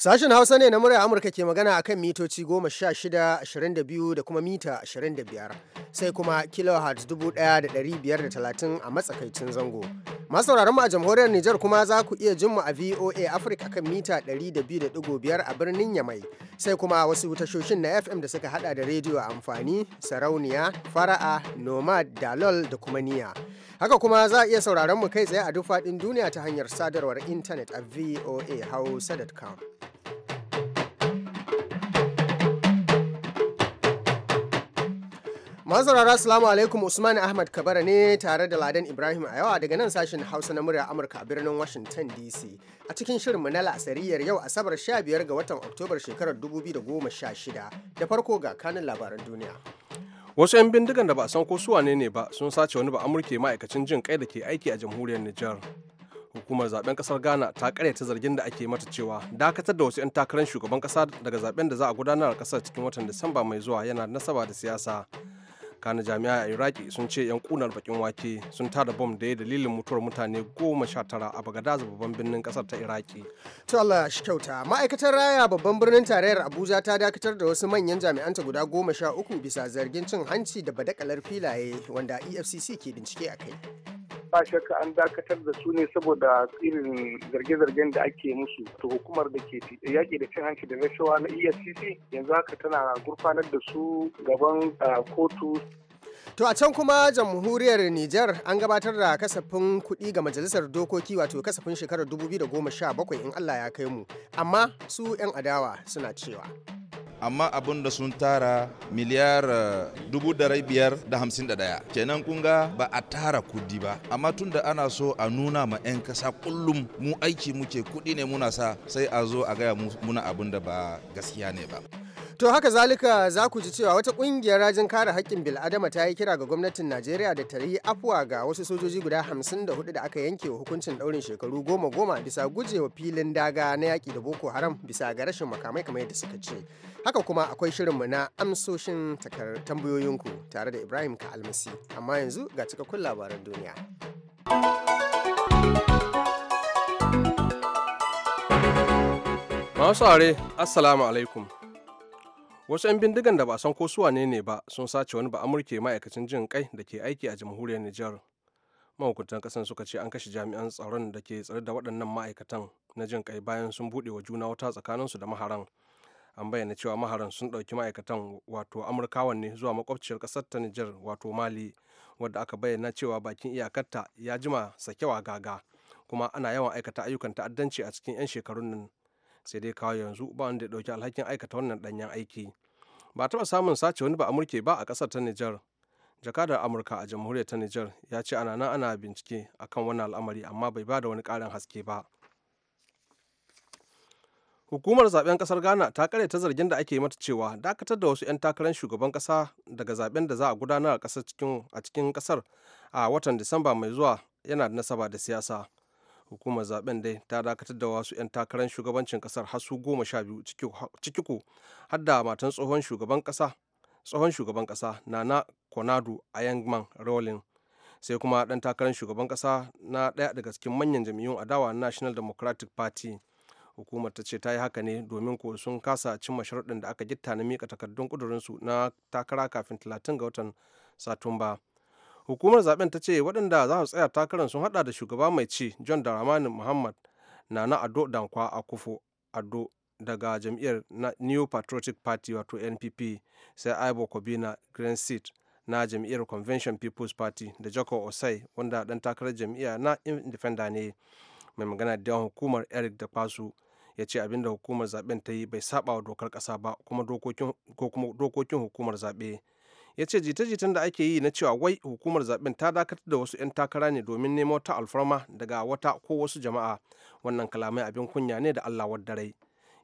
Sashen Hausa ne na murya Amurka ke magana a kan mitoci shida 22 da kuma mita 25, sai kuma kilohertz 1530 a matsakaicin zango. Masu mu a jamhuriyar Nijar kuma za ku iya jin mu a VOA Africa kan mita 200.5 a birnin Yamai, sai kuma wasu tashoshin na FM da suka hada da rediyo amfani, sarauniya, fara'a, nomad, dalol da kuma niya. Haka kuma za a iya sauraron mu kai tsaye a duk faɗin duniya ta hanyar sadarwar intanet a voahausa.com. Mazarara salamu alaikum Usman Ahmad Kabara ne tare da Ladan Ibrahim a yawa daga nan sashen Hausa na murya Amurka a birnin Washington DC. A cikin shirinmu na la'asariyar yau Asabar 15 ga watan Oktobar shekarar 2016 da farko ga kanin labaran duniya. Wasu 'yan bindigan da ba a san ko suwa ne ba sun sace wani ba Amurke ma'aikacin jin kai da ke aiki a jamhuriyar Nijar. hukumar zaben kasar ghana ta ta zargin da ake mata cewa dakatar da wasu 'yan takarar shugaban kasa daga zaben da za a gudanar a kasar cikin watan disamba mai zuwa yana nasaba da siyasa kana jami'a a iraki sun ce 'yan kunar bakin wake sun tada bom da ya dalilin mutuwar mutane goma sha tara a bagadaza babban birnin kasar ta iraki to allah shi kyauta ma'aikatar raya babban birnin tarayyar abuja ta dakatar da wasu manyan jami'anta guda goma sha uku bisa zargin cin hanci da badakalar filaye wanda efcc ke bincike a kai ba shakka an dakatar da su ne saboda irin zarge-zargen da ake musu ta hukumar da ke yaƙi da cin hanci da rashawa na efcc yanzu haka tana gurfanar da su gaban kotu To a can kuma jamhuriyar Nijar an gabatar da kasafin kuɗi ga majalisar dokoki wato kasafin shekarar 2017 in Allah ya kai mu, amma su 'yan adawa suna cewa. amma abin da sun tara miliyar eh, dubu da biyar da hamsin da daya kenan kunga ba a tara kudi ba amma tun da ana so a nuna ma 'yan kasa kullum mu aiki muke kudi ne muna sa sai a zo a gaya muna abin da ba gaskiya ne ba To haka zalika za ku ji cewa wata kungiyar rajin kare haƙƙin bil'adama ta yi kira ga gwamnatin Najeriya da ta yi afuwa ga wasu sojoji guda hamsin da hudu da aka yanke wa hukuncin ɗaurin shekaru goma goma bisa gujewa filin daga na yaƙi da Boko Haram bisa ga rashin makamai kamar yadda suka ce. Haka kuma akwai shirin mu na amsoshin tambayoyinku tare da Ibrahim ka almasi amma yanzu ga cikakkun labaran duniya. Masu are, Assalamu alaikum. wasu 'yan bindigan da ba san ko su wane ne ba sun sace wani ba amurke ma'aikacin jin kai da ke aiki a jamhuriyar nijar mahukuntan kasan suka ce an kashe jami'an tsaron da ke tsare da waɗannan ma'aikatan na jin kai bayan sun buɗe wa juna wata tsakaninsu da maharan an bayyana cewa maharan sun ɗauki ma'aikatan wato amurkawan ne zuwa makwabciyar ƙasar ta nijar wato mali wadda aka bayyana cewa bakin iyakarta ya jima sakewa gaga kuma ana yawan aikata ayyukan ta'addanci a cikin 'yan shekarun nan sai dai kawo yanzu ba wanda ya dauki alhakin aikata wannan danyen aiki ba taba samun sace wani ba a amurke ba a kasar ta nijar jakadar amurka a jamhuriyar ta nijar ya ce ana nan ana bincike akan wannan al'amari amma bai ba da wani ƙarin haske ba hukumar zaben kasar ghana ta ta zargin da ake mata cewa dakatar da wasu 'yan takarar shugaban kasa daga zaben da za a gudanar a cikin kasar a watan disamba mai zuwa yana da nasaba da siyasa hukumar zaben dai ta dakatar da wasu 'yan takarar shugabancin kasar hasu goma sha biyu ciki ko har da matan tsohon shugaban kasa tsohon shugaban kasa nana a yangman rolling sai kuma dan takarar shugaban kasa na daya daga cikin manyan jam'iyyun adawa national democratic party hukumar ta ce ta yi haka ne domin ko sun kasa cimma sharuɗin da aka gitta na mika takardun kudurinsu na takara kafin 30 ga watan satumba hukumar zaben ta ce waɗanda za su tsaya takarar sun hada da shugaba mai ci john daramani muhammad nana ado dankwa a kufo ado daga jam'iyyar new patriotic party wato npp sai ibo kobina green seat na jam'iyyar convention people's party da jaco osai wanda dan takarar jam'iyya na independa ne mai magana da yawan hukumar eric da fasu ya ce abinda hukumar zaben ta yi bai saba wa dokar kasa ba kuma dokokin hukumar zaɓe ya ce jita-jitan da ake yi na cewa wai hukumar zaben ta dakatar da wasu 'yan takara ne domin nemo ta alfarma daga wata ko wasu jama'a wannan kalamai abin kunya ne da allah waddarai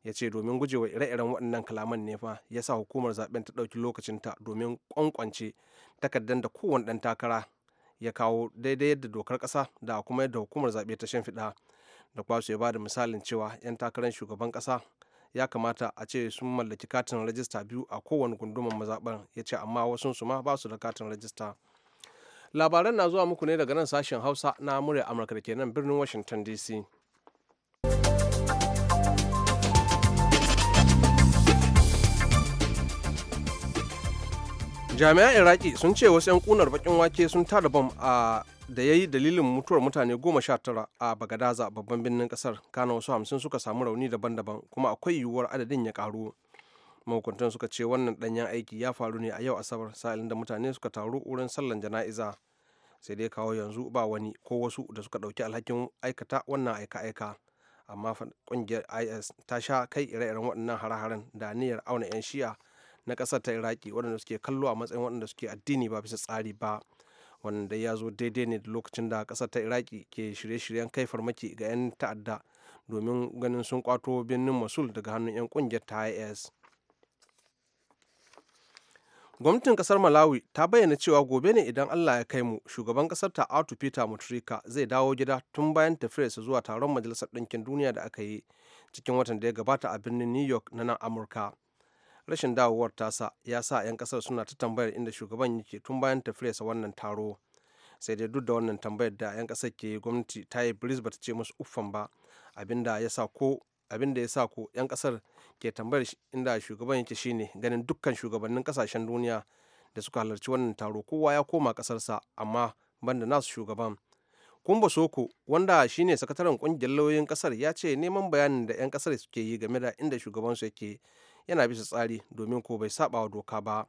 ya ce domin gujewa ire-iren waɗannan kalaman ne fa ya sa hukumar zaben ta ɗauki lokacinta domin ƙwanƙwance takardar da kowane ɗan takara ya kawo daidai yadda dokar ƙasa da kuma yadda hukumar zaɓe ta shimfiɗa da kwasu ya ba da misalin cewa 'yan takarar shugaban ƙasa ya kamata a ce sun mallaki katin rajista biyu a kowane gundumar mazaɓar ya ce amma wasu su ma ba su da katin rajista labaran na zuwa muku ne daga nan sashen hausa na murya amurka da ke nan birnin washington dc jami'an iraki sun ce wasu 'yan kunar bakin wake sun tada bom a da ya yi dalilin mutuwar mutane goma sha tara a bagadaza babban birnin kasar kana wasu hamsin suka samu rauni daban-daban kuma akwai yiwuwar adadin ya karu mahukuntan suka ce wannan danyen aiki ya faru ne a yau asabar sa'ilin da mutane suka taru wurin sallan jana'iza sai dai kawo yanzu ba wani ko wasu da suka ɗauki alhakin aikata wannan aika-aika amma kungiyar is ta sha kai ire-iren waɗannan hare-haren da niyyar auna 'yan shi'a na ƙasar ta iraki waɗanda suke kallo a matsayin waɗanda suke addini ba bisa tsari ba wanda ya zo daidai ne da lokacin da kasar ta iraki ke shirye-shiryen kai farmaki ga 'yan ta'adda domin ganin sun kwato birnin mas'ul daga hannun 'yan kungiyar ta is gwamnatin kasar malawi ta bayyana cewa gobe ne idan allah ya kai mu shugaban kasar ta artu peter mutrika zai dawo gida tun bayan tafiyarsa zuwa taron majalisar ɗinkin duniya da aka yi cikin watan da ya gabata a birnin new york na nan amurka rashin dawowar tasa ya sa 'yan kasar suna ta tambayar inda shugaban yake tun bayan tafiyarsa wannan taro sai dai duk da wannan tambayar da 'yan kasar ke gwamnati ta yi bris ta ce musu uffan ba abinda ya sa ko 'yan kasar ke tambayar inda shugaban yake shine ganin dukkan shugabannin kasashen duniya da suka halarci wannan taro kowa ya koma kasarsa amma banda nasu shugaban kumba soko wanda shine sakataren kungiyar lauyoyin kasar ya ce neman bayanin da 'yan kasar suke yi game da inda shugabansu yake yana bisa tsari domin ko bai saba wa doka ba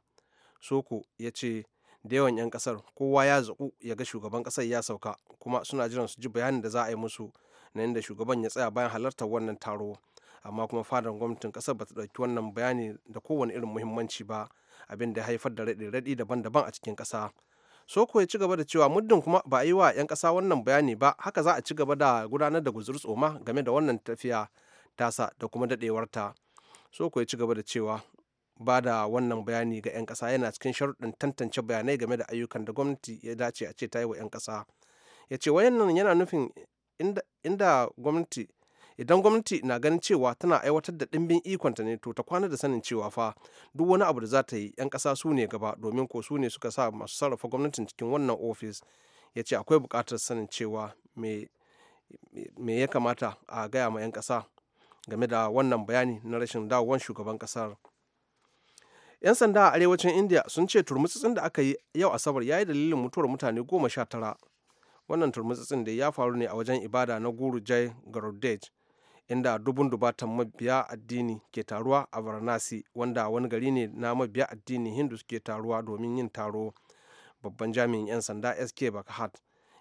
soko ya ce da yawan 'yan kasar kowa ya zaku ya ga shugaban kasar ya sauka kuma suna jiran su ji bayanin da za a yi musu na inda shugaban ya tsaya bayan halartar wannan taro amma kuma fadar gwamnatin kasar bata ɗauki wannan bayani da kowane irin muhimmanci ba abin da ya haifar da raɗe-raɗi daban-daban a cikin ƙasa soko ya ci gaba da cewa muddin kuma ba a yi wa 'yan kasa wannan bayani ba haka za a ci gaba da gudanar da guzur tsoma game da wannan tafiya tasa da kuma daɗewarta so ya ci gaba da cewa ba da wannan bayani ga 'yan kasa yana cikin sharuɗin tantance bayanai game da ayyukan da gwamnati ya dace a ce ta yi wa 'yan kasa ya ce wayannan yana nufin inda gwamnati idan gwamnati na ganin cewa tana aiwatar da ɗimbin ikonta ne to ta kwana da sanin cewa fa duk wani abu da za ta yi 'yan kasa su ne gaba domin ko su ne suka sa masu sarrafa gwamnatin cikin wannan ofis ya ce akwai buƙatar sanin cewa me ya kamata a gaya ma 'yan kasa. game da wannan bayani na rashin dawowar shugaban kasar 'yan sanda a arewacin india sun ce turmutsutsun da aka yi yau asabar ya yi dalilin mutuwar mutane goma sha tara wannan turmutsutsun da ya faru ne a wajen ibada na guru jai garudej inda dubun dubatan mabiya addini ke taruwa a varanasi wanda wani gari ne na mabiya addini hindu ke taruwa domin yin taro babban jami'in 'yan sanda sk bakahat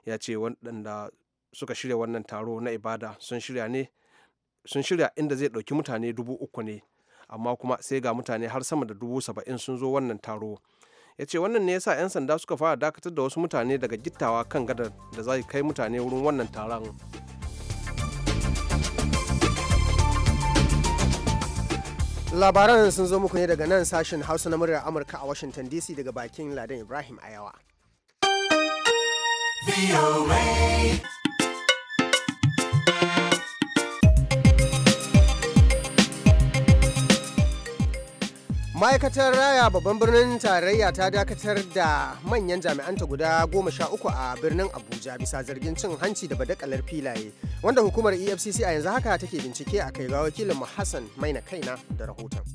ya ce waɗanda suka shirya wannan taro na ibada sun shirya ne sun shirya inda zai ɗauki mutane dubu uku ne amma kuma sai ga mutane har sama da dubu saba'in sun zo wannan taro ya ce wannan ne yasa 'yan sanda suka fara dakatar da wasu mutane daga gittawa kan gadar da zai kai mutane wurin wannan taron labaran sun zo muku ne daga nan sashen hausa na muryar amurka a washington dc daga bakin ladan ibrahim ayawa ma'aikatar raya babban birnin tarayya ta dakatar da manyan jami'anta guda goma sha uku a birnin abuja bisa zargin cin hanci da badakalar filaye wanda hukumar efcc a yanzu haka take bincike a kai ga wakilinmu hassan maina kaina da rahoton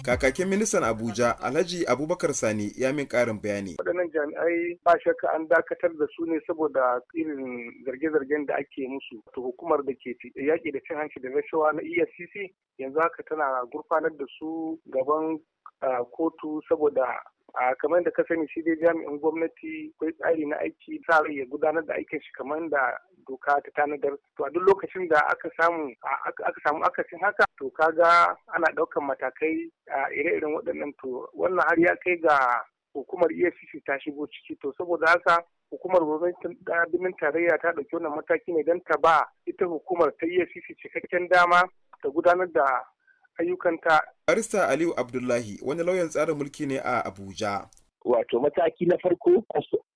Kakakin ministan Abuja Alhaji Abubakar Sani ya min karin bayani. Waɗannan jami'ai ba shakka an dakatar da su ne saboda irin zarge-zargen da ake musu. ta hukumar da ke yaƙi da cin hanci da rashawa na EFCC yanzu haka tana gurfanar da su gaban kotu saboda a kamar da ka sani shi dai jami'in gwamnati akwai tsari na aiki sa ya gudanar da aikin shi kamar da doka ta tanadar to a duk lokacin da aka samu aka samu akasin haka to kaga ana ɗaukan matakai a ire-iren waɗannan to wannan har ya kai ga hukumar efcc ta shigo ciki to saboda haka hukumar gwamnatin tarayya ta ɗauki wannan mataki ne don ta ba ita hukumar ta efcc cikakken dama ta gudanar da ayyukanta. barista aliyu abdullahi wani lauyan tsarin mulki ne a abuja wato mataki na farko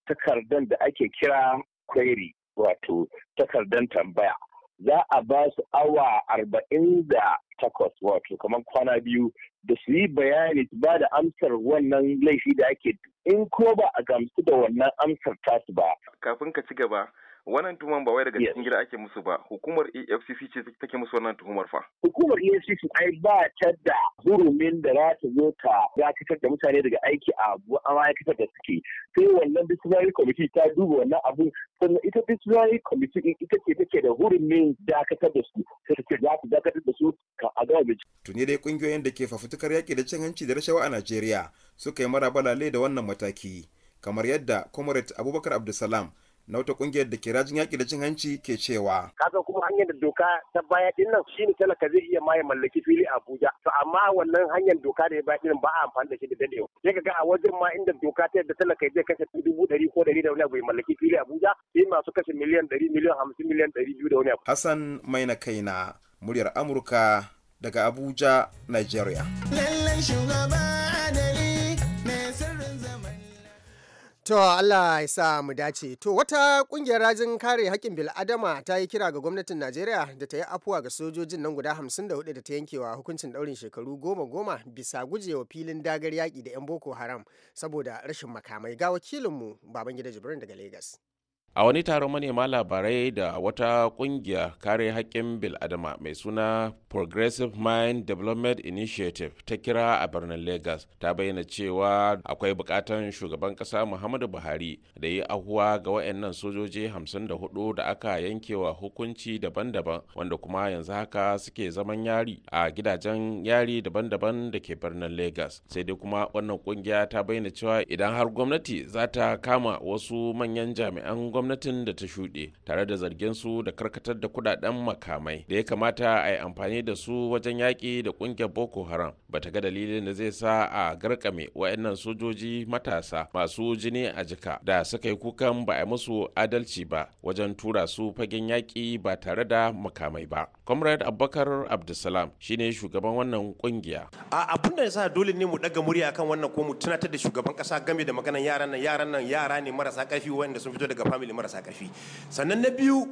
takardan da ake kira query wato takardar tambaya za a ba su awa arba'in da takwas wato kamar kwana biyu da su yi bayani su ba da amsar wannan laifi da ake in ko ba a gamsu da wannan amsar tasu ba. Kafin ka ci gaba, wannan tuhuman ba wai daga cikin gida ake musu ba hukumar EFCC ce take musu wannan tuhumar fa hukumar EFCC ai ba ta da hurumin da za ta zo ta dakatar da mutane daga aiki a ma'aikatar da suke sai wannan disciplinary committee ta duba wannan abu sannan ita disciplinary committee ita ce take da hurumin dakatar da su sai za ta dakatar da su a ga bincike tuni dai kungiyoyin da ke fafutukar yaki da cin hanci da rashawa a Najeriya suka yi marabalale da wannan mataki kamar yadda comrade abubakar abdulsalam na wata kungiyar da ke rajin yaƙi da cin hanci ke cewa. Kaga kuma hanyar da doka ta baya din nan shi ne talaka zai iya maye mallaki fili a Abuja. To amma wannan hanyar doka da ya baya din ba a amfani da shi da dadewa. Sai kaga a wajen ma inda doka ta yadda talaka zai kashe dubu ɗari ko ɗari da wani abu mallaki fili a Abuja sai masu kashe miliyan ɗari miliyan hamsin miliyan ɗari biyu da wani abu. Hassan Maina Kaina muryar Amurka daga Abuja, Nigeria. Lallai shugaba To Allah ya sa mu dace. To wata kungiyar rajin kare haƙƙin bil'adama ta yi kira ga gwamnatin Najeriya da ta yi afuwa ga sojojin nan guda 54 da ta yankewa hukuncin ɗaurin shekaru goma goma bisa gujewa filin dagar yaƙi da 'yan Boko Haram saboda rashin makamai ga wakilinmu Babangida Jibrin daga Legas. a wani taron manema labarai da wata kungiya kare haƙƙin biladama mai suna progressive mind development initiative ta kira a birnin lagos ta bayyana cewa akwai bukatan shugaban ƙasa muhammadu buhari da yi ahuwa ga wayannan sojoji 54 da aka yankewa hukunci daban-daban wanda kuma yanzu haka suke zaman yari a gidajen yari daban-daban da ke birnin lagos sai dai kuma wannan kungiya ta bayyana cewa idan har gwamnati za ta kama wasu manyan jami'an gwamnati gwamnatin da ta shuɗe tare da zargin su da karkatar da kudaden makamai da ya kamata a yi amfani da su wajen yaƙi da ƙungiyar boko haram ba ta ga dalilin da zai sa a garkame wa'annan sojoji matasa masu jini a jika da suka yi kukan ba a musu adalci ba wajen tura su fagen yaƙi ba tare da makamai ba comrade abubakar abdulsalam shine shugaban wannan kungiya a abin da ya sa dole ne mu ɗaga murya akan wannan ko mu tunatar da shugaban kasa game da maganan yaran nan yaran nan yara ne marasa ƙarfi wanda sun fito daga family marasa ƙarfi sannan na biyu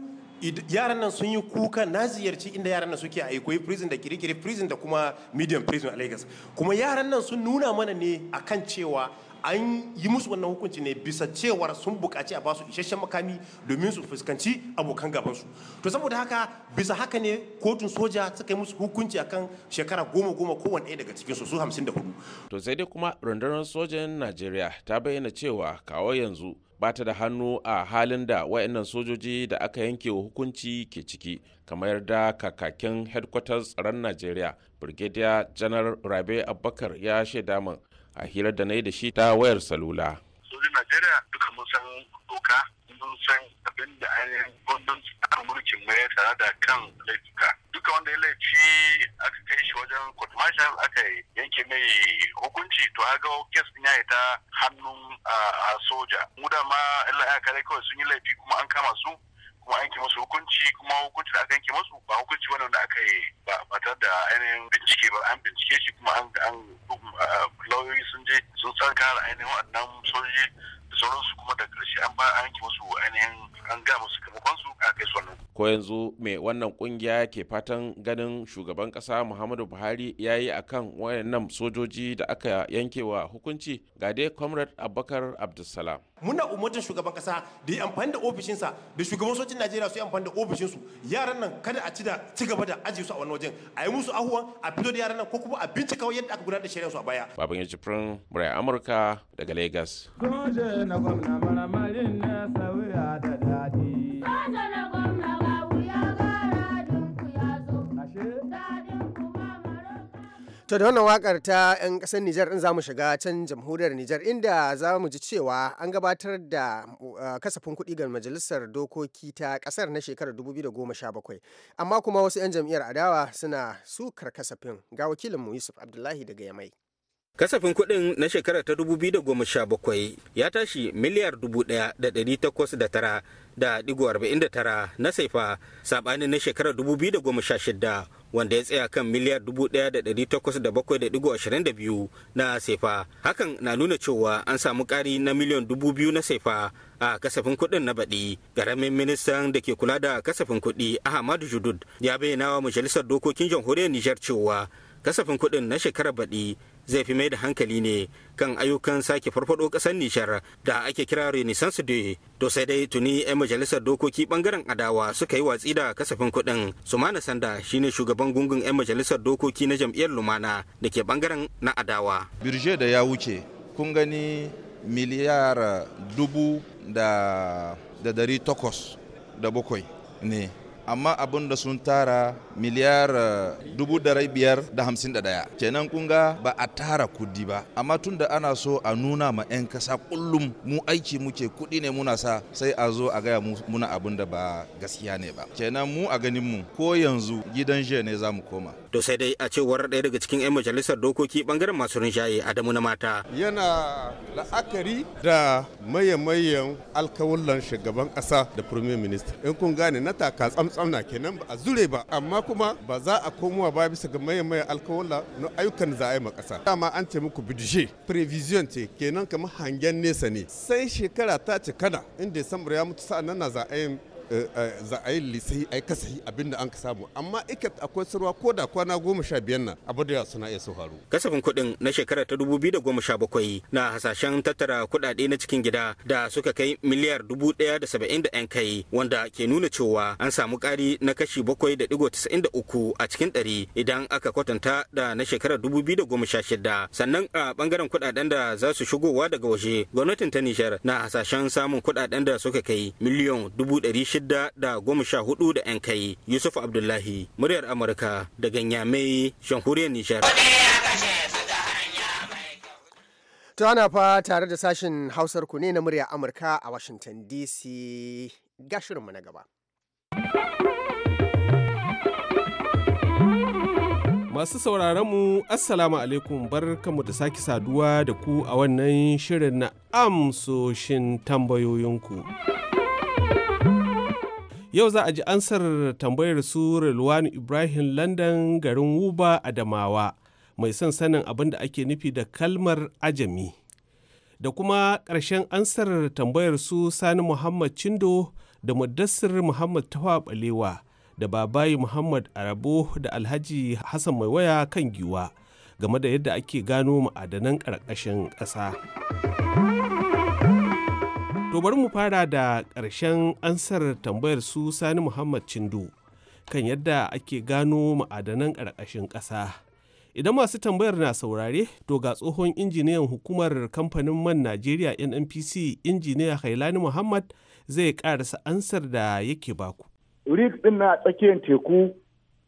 yaran nan sun yi kuka na ziyarci inda yaran nan suke aiko yi prison da kirikiri prison da kuma medium prison a lagos kuma yaran nan sun nuna mana ne akan cewa an yi musu wannan hukunci ne bisa cewar sun buƙaci a basu su isasshen makami domin su fuskanci abokan gabansu to saboda haka bisa haka ne kotun soja suka yi musu hukunci akan shekara goma goma kowane ɗaya daga cikin su hamsin da hudu to sai dai kuma rundunar sojan najeriya ta bayyana cewa kawo yanzu bata da hannu a halin da wayannan sojoji da aka yanke wa hukunci ke ciki kamar da kakakin headquarters tsaron najeriya brigadier janar rabe abubakar ya shaida min a hirar da na yi da shi ta wayar salula sojin najeriya duka mun san doka san abin da ainihin gudun tsarin mulkin mai tsara da kan laifuka duka wanda ya laifi aka kai shi wajen court aka yanke mai hukunci to ga kes din ya ta hannun a soja mu dama ma Allah ya kare kawai sun yi laifi kuma an kama su kuma yanke musu hukunci kuma hukunci da aka yanke musu ba hukunci wani wanda aka yi ba tare da ainihin bincike ba an bincike shi kuma an um, lauyoyi sun je sun san kare ainihin wannan sojoji da sauransu kuma da ƙarshe an ba an yanke wasu ainihin an ga musu kamakon su a kai su ko yanzu mai wannan kungiya ke fatan ganin shugaban kasa muhammadu buhari ya yi akan wayannan sojoji da aka yankewa hukunci ga dai comrade abubakar abdulsalam muna umartar shugaban kasa da ya amfani da ofishinsa da shugaban sojin najeriya su yi amfani da ofishinsu yaran nan kada a ci da ci gaba da ajiye su a wannan wajen a yi musu ahuwan a fito da yaran nan ko kuma a bincika yadda aka gudanar da shirin su a baya baban ya jifrin murai amurka daga lagos. Gode na gwamna maramarin na sauya da da. daɗi. To da wannan wakar ta 'yan kasar Nijar in mu shiga can jamhuriyar Nijar inda za mu ji cewa an gabatar da uh, kasafin kuɗi ga majalisar dokoki ta kasar na shekarar 2017 amma kuma wasu 'yan jam'iyyar adawa suna sukar kasafin ga wakilinmu Yusuf Abdullahi daga Yamai. Kasafin kuɗin na shekarar ta 2017 ya tashi miliyar ɗaya da da tara na saifa saɓanin na shekarar 2016 wanda ya tsaya kan miliyar 1,807.22 na saifa. Hakan na nuna cewa an samu ƙari na miliyan 2,000 na saifa a kasafin kuɗin na baɗi. Garamin ministan da ke kula da kasafin kuɗi Ahmadu Judud ya bayyana wa majalisar dokokin jamhuriyar Nijar cewa kasafin kuɗin na shekarar baɗi zai fi mai da hankali ne kan ayyukan sake farfado kasar nishar da ake kira renaissance day to sai dai tuni 'yan majalisar dokoki bangaren adawa suka yi watsi da kasafin kuɗin sumana sanda shine shugaban gungun 'yan majalisar dokoki na jam'iyyar lumana da ke bangaren na adawa birje da ya wuce kun gani miliyar dubu da da dari takwas da bakwai ne amma abin da sun tara miliyar eh, dubu da biyar da hamsin da daya kenan kun ba a tara kudi ba amma tun da ana so a nuna ma 'yan kasa kullum mu aiki muke kudi ne muna sa sai a zo a gaya muna abin da ba gaskiya ne ba kenan mu a ganin mu ko yanzu gidan jiya ne za mu koma to sai dai a cewar ɗaya daga cikin 'yan majalisar dokoki bangaren masu rinshaye adamu na mata yana la'akari da mayan-mayan alkawullan shugaban ƙasa da premier minister in kun gane na taka tsamtsam na kenan ba a zure ba amma kuma ba za a komowa ba bisa ga mayan-mayan alkawulla na ayyukan za a yi ma ƙasa dama an ce muku bidje prevision ce kenan kamar hangen nesa ne sai shekara ta cikana in desambar ya mutu sa'an nan na za a yi za a yi lisai a yi kasahi abin da an ka samu amma ikat akwai sarwa ko da kwana goma sha biyar na abu da suna iya su kasafin kuɗin na shekara ta dubu biyu da goma sha bakwai na hasashen tattara kuɗaɗe na cikin gida da suka kai miliyar dubu ɗaya da saba'in da yan kai wanda ke nuna cewa an samu ƙari na kashi bakwai da digo tasa'in da uku a cikin ɗari idan aka kwatanta da na shekarar dubu biyu da goma sha shida sannan a ɓangaren kuɗaɗen da za su shigowa daga waje gwamnatin ta nijar na hasashen samun kuɗaɗen da suka kai miliyan dubu ɗari shida 614 da sha hudu da 'yan kai yusuf abdullahi muryar amurka daga nyamai shankuriyar nishar to ana fa tare da sashen hausar ku ne na muryar amurka a washington dc ga shirinmu na gaba Masu sauraronmu, Assalamu alaikum barkamu da sake saduwa da ku a wannan shirin na amsoshin tambayoyinku. Yau za a ji ansar tambayar su Rilwanu Ibrahim London garin Wuba Adamawa mai son sanin abin da ake nufi da kalmar ajami. Da kuma ƙarshen ansar tambayar su Sani Muhammad Cindo da Mudassir Muhammad Tawa Balewa da Babayi Muhammad Arabo da Alhaji Hassan Mai Waya kan giwa game da yadda ake gano ma'adanan ƙarƙashin ƙasa. To bari mu fara da ƙarshen ansar tambayar su Sani Muhammad Cindo kan yadda ake gano ma'adanan ƙarƙashin ƙasa. Idan masu tambayar na saurare, to ga tsohon injiniyan hukumar kamfanin man Najeriya NNPC injiniya Hailani Muhammad zai ƙarasa ansar da yake baku. Rik ɗin na tsakiyar teku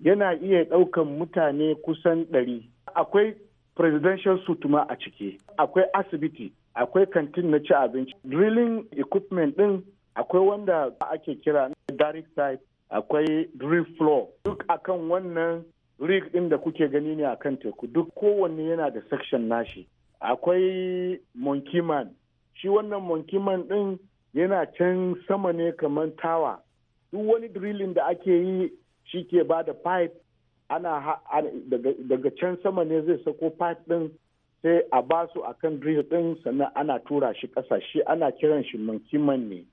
yana iya ɗaukan mutane kusan ɗari. Akwai presidential sutuma a ciki, akwai asibiti, akwai kantin na ci abinci drilling equipment din akwai wanda ake kira direct side akwai drill floor duk akan wannan rig din da kuke gani ne akan teku duk kowanne yana da section nashi akwai monkey man shi wannan monkey man din yana can sama ne kamar tawa duk wani drilling da ake yi shi ke ba da pipe daga can sama ne zai sako pipe din sai a ba su a kan drill ɗin sannan ana tura shi shi ana kiran shi mankiman ne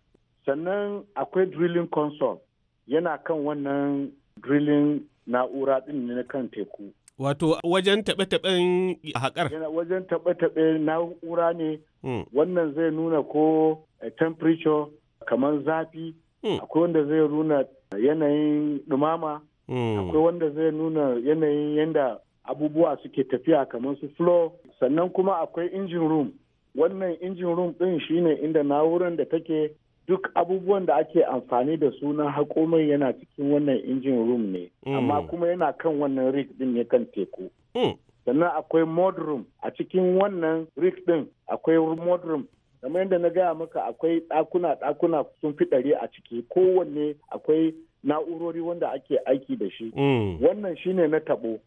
sannan akwai drilling console yana kan wannan drilling na'ura ɗin ne na kan teku wato wajen taɓe-taɓen haƙar wajen taɓe-taɓe na'ura ne hmm. wannan zai nuna ko eh, temperature kamar zafi hmm. akwai wanda zai nuna yanayin ɗumama hmm. akwai wanda zai nuna yanayin yadda abubuwa suke tafiya kamar su flow sannan kuma akwai injin room wannan injin room ɗin shine inda na'urar da take duk abubuwan da ake amfani da su na haƙo mai yana cikin wannan injin room ne hmm. amma kuma yana kan wannan rig ɗin ne kan teku hmm. sannan akwai mod room a cikin wannan rig ɗin akwai mod room kamar yadda na gaya maka akwai ɗakuna ɗakuna sun fi ɗari a ciki kowanne akwai na'urori wanda ake aiki da shi hmm. wannan shine na taɓo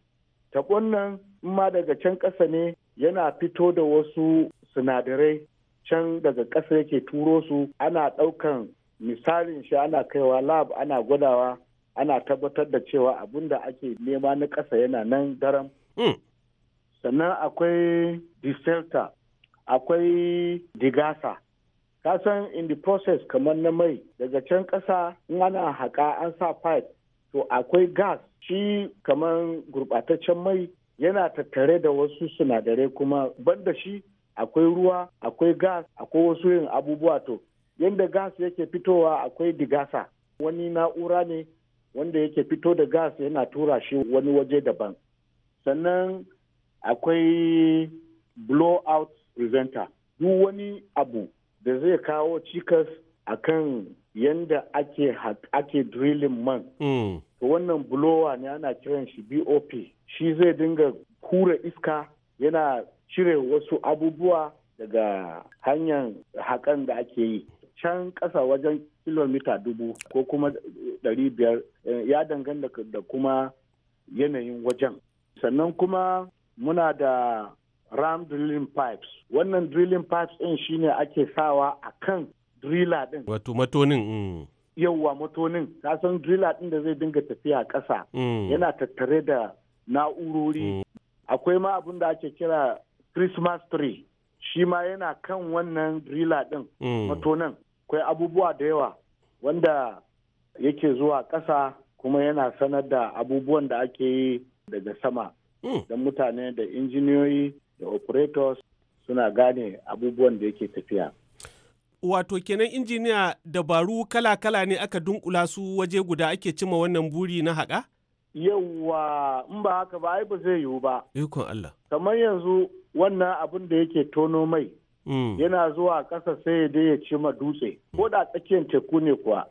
taɓon nan ma daga can ƙasa ne yana fito da wasu sinadarai can daga ƙasa yake turo su ana ɗaukan misalin shi ana kaiwa lab ana gwadawa ana tabbatar da cewa abin da ake nema na ƙasa yana nan daram. Hmm. Sannan akwai diselta, akwai digasa. ka san in the process kamar na mai daga can ƙasa in ana haƙa an sa pipe to akwai gas shi kamar gurɓataccen mai yana tattare da wasu sinadarai kuma banda shi akwai ruwa akwai gas akwai wasu yin abubuwa to yadda gas yake fitowa akwai digasa wani na'ura ne wanda yake fito da gas yana tura shi wani waje daban sannan akwai blow-out presenter duk wani abu da zai kawo cikas akan yanda ake, ake drilling man mm. to wannan bulowa ne ana kiran shi bop shi zai dinga hura iska yana cire wasu abubuwa daga hanyar haƙan da ake yi can ƙasa wajen kilomita dubu ko kuma ɗari biyar eh, ya danganta da kuma yanayin wajen sannan kuma muna da ram drilling pipes wannan drilling pipes ɗin shine ake sawa a kan driller ɗin wato matonin mm. yauwa motonin ta san driller din da zai dinga tafiya ƙasa mm. yana tattare da na'urori mm. akwai ma abin da ake kira christmas tree shi ma yana kan wannan driller din mm. motonin akwai abubuwa da yawa wanda yake zuwa ƙasa kuma yana sanar da abubuwan da ake yi daga sama don mutane da injiniyoyi da operators suna gane abubuwan da yake tafiya. wato kenan injiniya dabaru kala-kala ne aka dunkula su waje guda ake cima wannan buri na haka. Yawwa in ba haka ba ai ba zai yiwu ba. Ikon Allah. Kamar yanzu wannan abin da yake tono mai. Hmm. Yana zuwa ƙasa sai ya dai ya cima dutse. Ko da tsakiyar teku ne kuwa.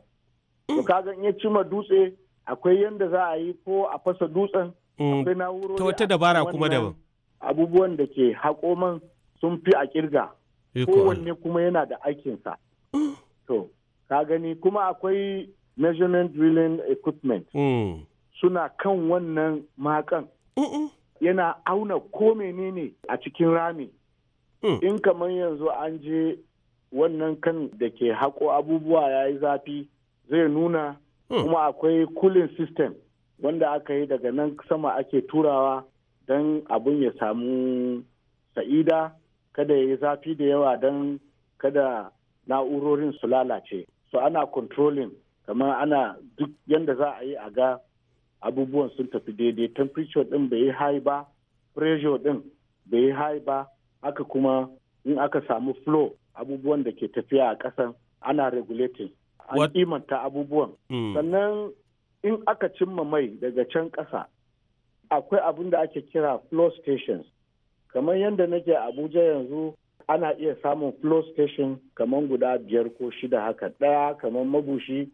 To hmm. kaga in ya cima dutse akwai yanda za a yi ko a fasa dutsen. Hmm. Akwai na'urori. Ta wata dabara kuma daban. Abubuwan da ke haƙo man sun fi a kirga. kowanne kuma yana da aikinsa to ka gani kuma akwai measurement drilling equipment mm. suna kan wannan makan yana auna ko menene a cikin rami mm. in kamar yanzu an je wannan kan da ke haƙo abubuwa ya yi zafi zai nuna mm. kuma akwai cooling system wanda aka yi daga nan sama ake turawa don abun ya samu sa'ida kada ya yi zafi da yawa don kada na'urorin su lalace so ana controlling kamar ana duk yadda za a yi a ga abubuwan sun tafi daidai temperature din bai yi high ba pressure din bai yi high ba haka kuma in aka samu flow abubuwan da ke tafiya a ƙasan ana regulating an imanta abubuwan hmm. sannan in aka cimma mai daga can ƙasa akwai abin da ake kira flow stations kamar yadda nake abuja yanzu ana iya samun flow station kamar guda biyar ko shida haka ɗaya kamar mabushi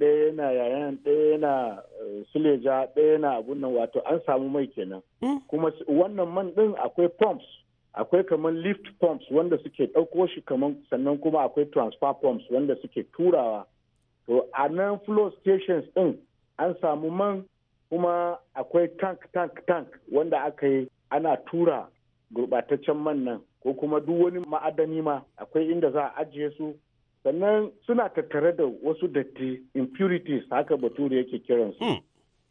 ɗaya yana yayan ɗaya yana eh, suleja ɗaya yana abun nan wato an samu mai kenan hmm. kuma wannan man ɗin akwai pumps akwai kamar lift pumps wanda suke ɗauko shi kamar sannan kuma akwai transfer pumps wanda suke turawa to a nan flow stations ɗin an samu man kuma akwai tank tank tank wanda aka yi ana tura gurɓataccen man nan ko kuma duk wani ma'adani ma akwai inda za a ajiye su sannan suna tattare da wasu datti impurities haka bature yake kiransu hmm.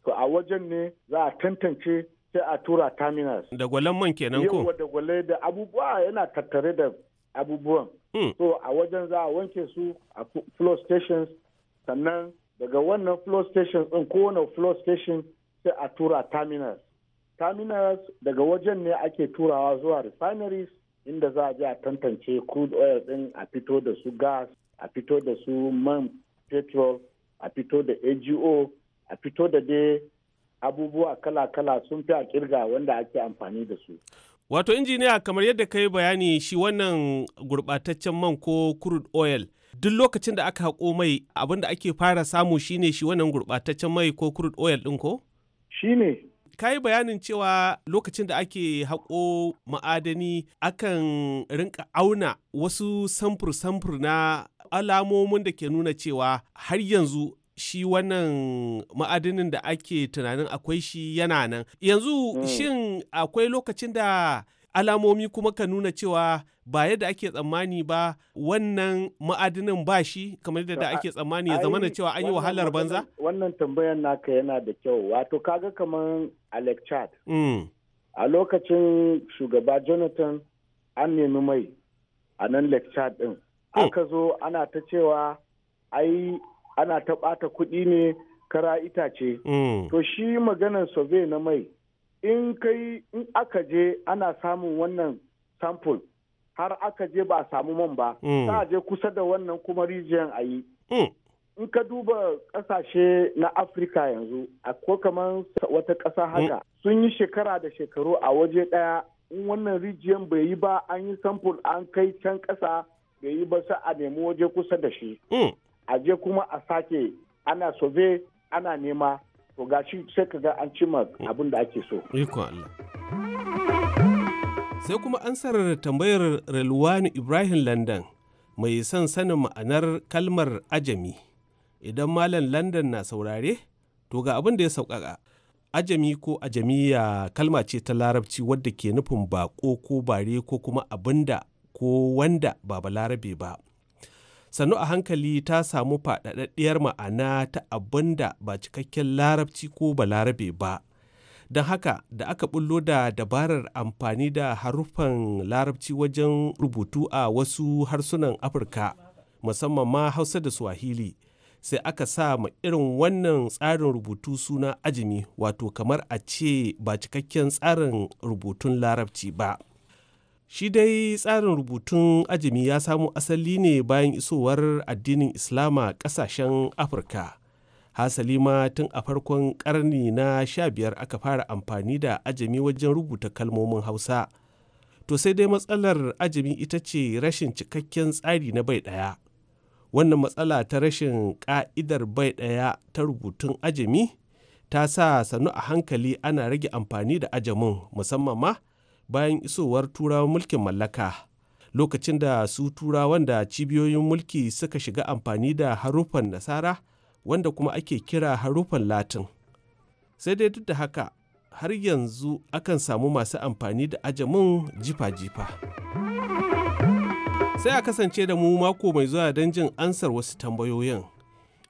to a wajen ne za a tantance sai a tura terminals da gwalen man kenan ko da gwale da abubuwa yana tattare da abubuwan hmm. so a wajen za a wanke su a flow stations sannan daga wannan flow stations din kowane flow station sai a tura terminals terminals daga wajen ne ake turawa zuwa refineries inda za a je a tantance crude oil din a fito da su gas a fito da su man petrol a fito da AGO a fito da dai abubuwa kala-kala sun fi a kirga wanda ake amfani da su. Wato injiniya kamar yadda ka yi bayani shi wannan gurbataccen man ko crude oil duk lokacin da aka haƙo mai abin da ake fara samu shine shi wannan gurbataccen mai ko crude oil ɗin ko? shine. ka yi bayanin cewa lokacin da ake haƙo ma'adani akan rinka auna wasu samfur-samfur na alamomin da ke nuna cewa har yanzu shi wannan ma'adinin da ake tunanin akwai shi yana nan yanzu mm. shin akwai lokacin da alamomi kuma ka nuna cewa ba yadda ake tsammani ba wannan ma'adinin ba shi kamar yadda da ake tsammani ya zamana cewa an yi wahalar banza? Wannan tambayan naka yana da kyau wato kaga kamar Alec Chad. Mm. A lokacin shugaba Jonathan an nemi mai a nan Lake Chad ɗin. Hmm. Aka zo ana ta cewa ai ana ta ɓata kuɗi ne kara itace. Mm. To shi maganar survey na mai in kai in aka je ana samun wannan sample har aka je ba a samu man ba mm. za a je kusa da wannan kuma rijiyan a yi mm. in ka duba kasashe na afirka yanzu a ko kamar wata ƙasa mm. haka sun yi shekara da shekaru a waje ɗaya in wannan rijiyan bai yi ba an yi sample an kai can ƙasa bai yi ba sai a nemi waje kusa da shi a je kuma a sake ana sobe ana nema to gashi sai ka ga an cima abin da ake so sai kuma ansar tambayar Relwani Ibrahim London mai son sanin ma'anar kalmar ajami idan malam London na saurare to ga abin da ya sauƙaƙa ajami ko ajamiya kalma ce ta larabci wadda ke nufin baƙo ko bare ko kuma abin ko wanda ba larabe ba sannu a hankali ta samu faɗaɗaɗɗiyar ma'ana ta abin da ba cikakken larabci ko balarabe ba don haka da aka bullo da dabarar amfani da haruffan larabci wajen rubutu a wasu harsunan afirka musamman ma hausa da swahili sai aka sa ma irin wannan tsarin rubutu suna ajimi wato kamar a ce ba cikakken tsarin rubutun larabci ba Shi dai tsarin rubutun ajami ya samo asali ne bayan isowar addinin Islama ƙasashen Afirka. Hasali ma tun a farkon ƙarni na sha biyar aka fara amfani da ajami wajen rubuta kalmomin Hausa. To sai dai matsalar ajami ita ce rashin cikakken tsari na bai ɗaya. Wannan matsala ta rashin ƙa'idar bai ɗaya ta rubutun ajami ta sa sannu a hankali ana rage amfani da ajamin musamman ma bayan isowar turawan mulkin mallaka lokacin da su turawan da cibiyoyin mulki suka shiga amfani da harufan nasara wanda kuma ake kira harufan latin sai dai duk da haka har yanzu akan samu masu amfani da ajamin jifa-jifa sai a kasance da mu mako mai zuwa don jin ansar wasu tambayoyin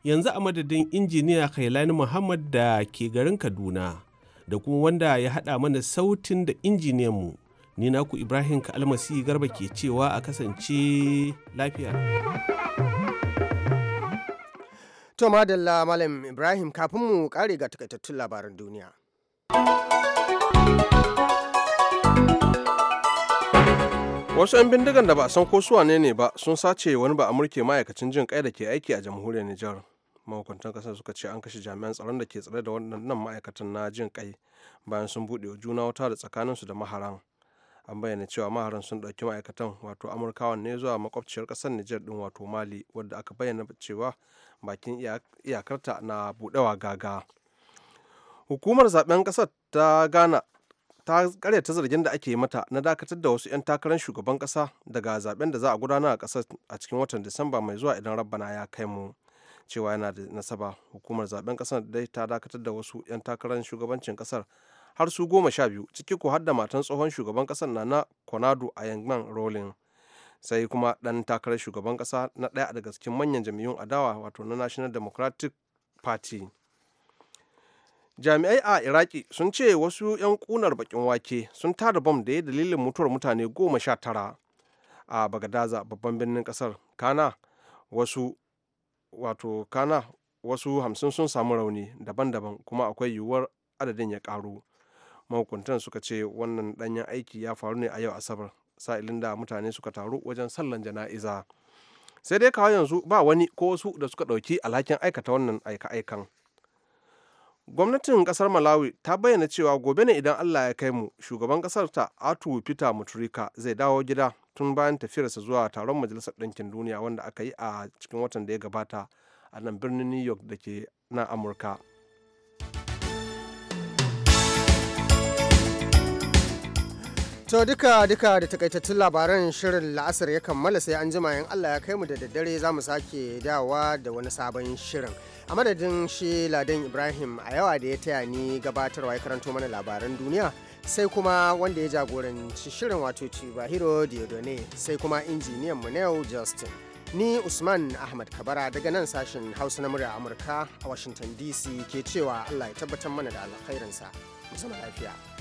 yanzu a madadin injiniya kailani muhammad da ke garin kaduna da kuma wanda ya haɗa mana sautin da injiniyanmu ni naku ibrahim ka almasi garba ke cewa a kasance lafiya to madalla malam ibrahim kafin mu kare ga takaitattun labaran duniya wasu 'yan bindigan da ba a san ko suwane ne ba sun sace wani ba a amurke ma'aikacin jin kai da ke aiki a jamhuriyar nijar mahukuntan kasar suka ce an kashe jami'an tsaron da ke tsare da wannan ma'aikatan na jin kai bayan sun buɗe juna wata da tsakaninsu da maharan an bayyana cewa maharan sun ɗauki ma'aikatan wato amurkawan ne zuwa makwabciyar ƙasar nijar ɗin wato mali wadda aka bayyana cewa bakin iyakarta na buɗewa gaga hukumar zaben ƙasar ta ghana ta karyata zargin da ake mata na dakatar da wasu 'yan takarar shugaban ƙasa daga zaben da za a gudanar a kasar a cikin watan disamba mai zuwa idan rabbana ya kai mu cewa yana da nasaba hukumar zaben kasar da ta dakatar da wasu 'yan takarar shugabancin kasar har su goma sha biyu ciki ko har da matan tsohon shugaban kasar na na konado a yangman rolling sai kuma dan takarar shugaban kasa na daya daga cikin manyan jam'iyyun adawa wato na national democratic party jami'ai a iraki sun ce wasu 'yan kunar bakin wake sun tada bom da ya dalilin mutuwar mutane goma sha tara a bagadaza babban birnin kasar kana wasu wato kana wasu hamsin sun samu rauni daban-daban kuma akwai yiwuwar adadin ya karu mahukuntan suka ce wannan danyen aiki ya faru ne a yau asabar sa'ilin da mutane suka taru wajen sallan jana'iza sai dai kawo yanzu ba wani ko wasu da suka ɗauki alhakin aikata wannan aika-aikan gwamnatin kasar malawi ta bayyana cewa gobe ne idan allah ya kai mu shugaban kasar ta atu peter muturika zai dawo gida tun bayan tafiyarsa zuwa taron majalisar ɗinkin duniya wanda aka yi a cikin watan da ya gabata a nan birnin new york da ke na amurka To duka duka da takaitattun labaran shirin la'asar ya kammala sai an jima in Allah ya kai mu da daddare za mu sake dawa da wani sabon shirin. A madadin shi Ladan Ibrahim a yawa da ya taya ni gabatarwa ya karanto mana labaran duniya sai kuma wanda ya jagoranci shirin wato Chibahiro Diodone sai kuma injiniyan mu yau Justin. Ni Usman Ahmad Kabara daga nan sashen Hausa na murya Amurka a Washington DC ke cewa Allah ya tabbatar mana da alkhairinsa. Musamman lafiya.